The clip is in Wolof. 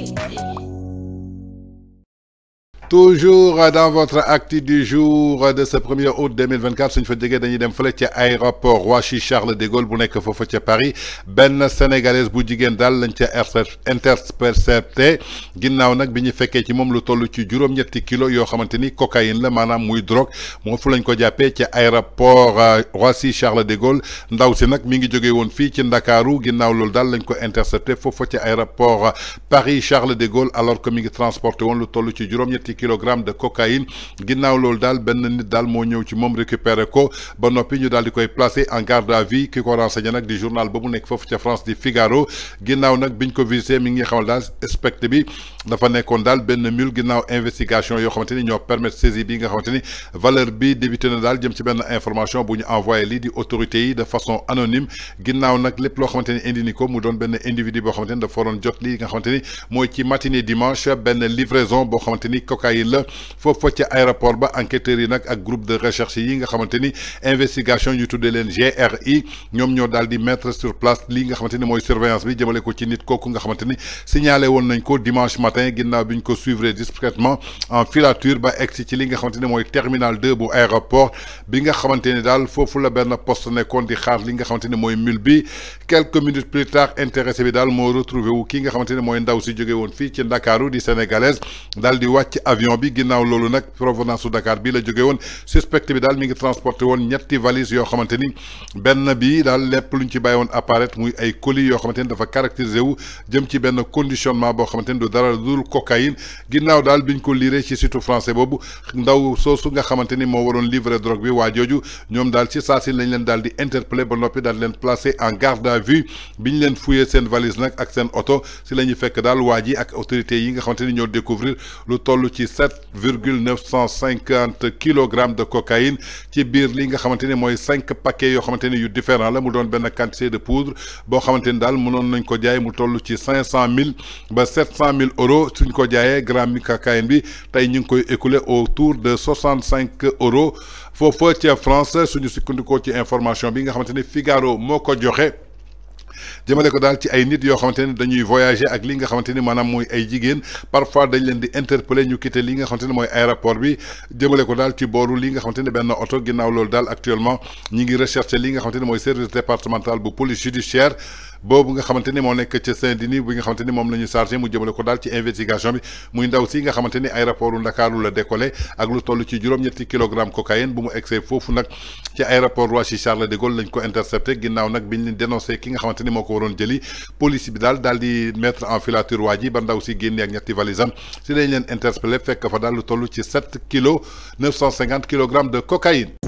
Yeah. toujours dans votre actu du jour de ce premier août 2024 suñu fa jógee dañuy dem fële ca aéroport Roissy Charles de Gaulle bu nekk foofa ca Paris benn sénégalaise bu jigéen daal lañ ca intercepté ginnaaw nag bi ñu fekkee ci moom lu toll ci juróom-ñetti kilos yoo xamante ni cocaïne la maanaam muy drogue moo fu lañ ko jàppee ca aéroport euh, Roissy Charles de Gaulle ndaw si nag mi ngi jógee woon fii ci Ndakaaru ginnaaw loolu daal lañ ko intercepté foofa ca aéroport euh, Paris Charles de Gaulle alors que mi ngi transporté woon lu toll ci juróom-ñetti kilogramme de cocaïne ginnaw loolu dal ben nit dal mo ñew ci mom récupérer ko ba nopi ñu dal dikoy placer placé en garde à vue ki ko renseigné nag di journal ba mu nekk foofu France di Figaro ginnaw nak biñ ko viser mi ngi xamal dal spectre bi dafa nekkon dal ben mule ginnaw investigation yo xamanteni ni ñoo permettre saisie bi nga xamanteni valeur bi débuté na dal jëm ci ben information bu ñu envoyé li di autorité yi de façon anonyme ginnaw nak lepp lo xamanteni ni indi ni ko mu doon ben individu bo xamanteni da foron waroon jot lii nga xamanteni moy ci matinée dimanche ben livraison bo xamanteni ni avocat faut la aéroport ba enquêteurs yi nak ak groupe de recherche yi nga xamanteni investigation yu tuddé len GRI ñom ñoo daldi mettre sur place li nga xamanteni Moy surveillance bi jëmele ko ci nit koku nga xamanteni signalé won nañ ko dimanche matin ginnaw biñ ko suivre discrètement en filature ba ex ci li nga xamanteni moy terminal 2 bu aéroport bi nga xamanteni dal fofu la ben poste nekkon di xaar li nga xamanteni moy bi quelques minutes plus tard intéressé bi dal mo retrouvé wu ki nga xamanteni moy ndaw si jogé won fi ci Ndakaaru di sénégalaise daal di avion bi ginnaw lolou nak provenance du Dakar bi la jóge won suspect bi dal mi ngi transporté won ñetti valise yo xamanteni ben bi dal lepp luñ ci bàyyi woon apparaître muy ay colis yo xamanteni dafa caractérisé wu jëm ci ben conditionnement bo xamanteni ni du dara dul cocaïne ginnaw dal biñ ko liré ci site français bobu ndaw soosu nga xamanteni mo waron livrer drogue bi waa jooju ñoom daal ci saa si lañ leen dal di interpellé ba noppi dal leen placer en garde à vue biñ leen fouyé seen valise nak ak seen auto ci lañu fekk dal waa ak autorité yi nga xamanteni ñoo découvrir lu tollu ci 7,950 kg de cocaïne ci biir li nga xamanteni moy 5 paquets yo xamanteni yu différent la mu doon ben quantité de poudre bo xamanteni dal mënon nañ ko jaay mu tollu ci 500 000 ba 700 000 euros suñ ko jaayé gramme de cocaïne bi tay ñing koy écouler autour de 65 euros fofu ci France suñu sukkundiko ci information bi nga xamanteni Figaro moko joxé jëmale ko daal ci ay nit yoo xamante ne dañuy voyager ak li nga xamante ni maanaam ay jigéen parfois dañ leen di interpeller ñu quitter li nga xamante ne aéroport bi jëmale ko daal ci booru li nga xamante ben auto oto ginnaaw loolu actuellement ñi ngi rechercher li nga xamante ne service départemental bu police judiciaire boobu nga xamante ni moo nekk ca Saint-Denis bi nga xamante ni moom lañu ñu chargé mu jëmale ko daal ci investigation bi muy ndaw si nga xamante ni aéroport u Ndakaaru la décollé ak lu toll ci juróom-ñetti kilogramme cocaïne bu mu egsee foofu nag ci aéroport Roissy Charles de Gaulle lañ ko intercepté ginnaaw nag biñ leen dénoncé ki nga xamante ni moo ko waroon jëli police bi daal daal di mettre en filature waa ji ba ndaw si génnee ak ñetti valisam si fekk fa daal lu toll ci sept kilos neuf cent cinquante kilogrammes de cocaïne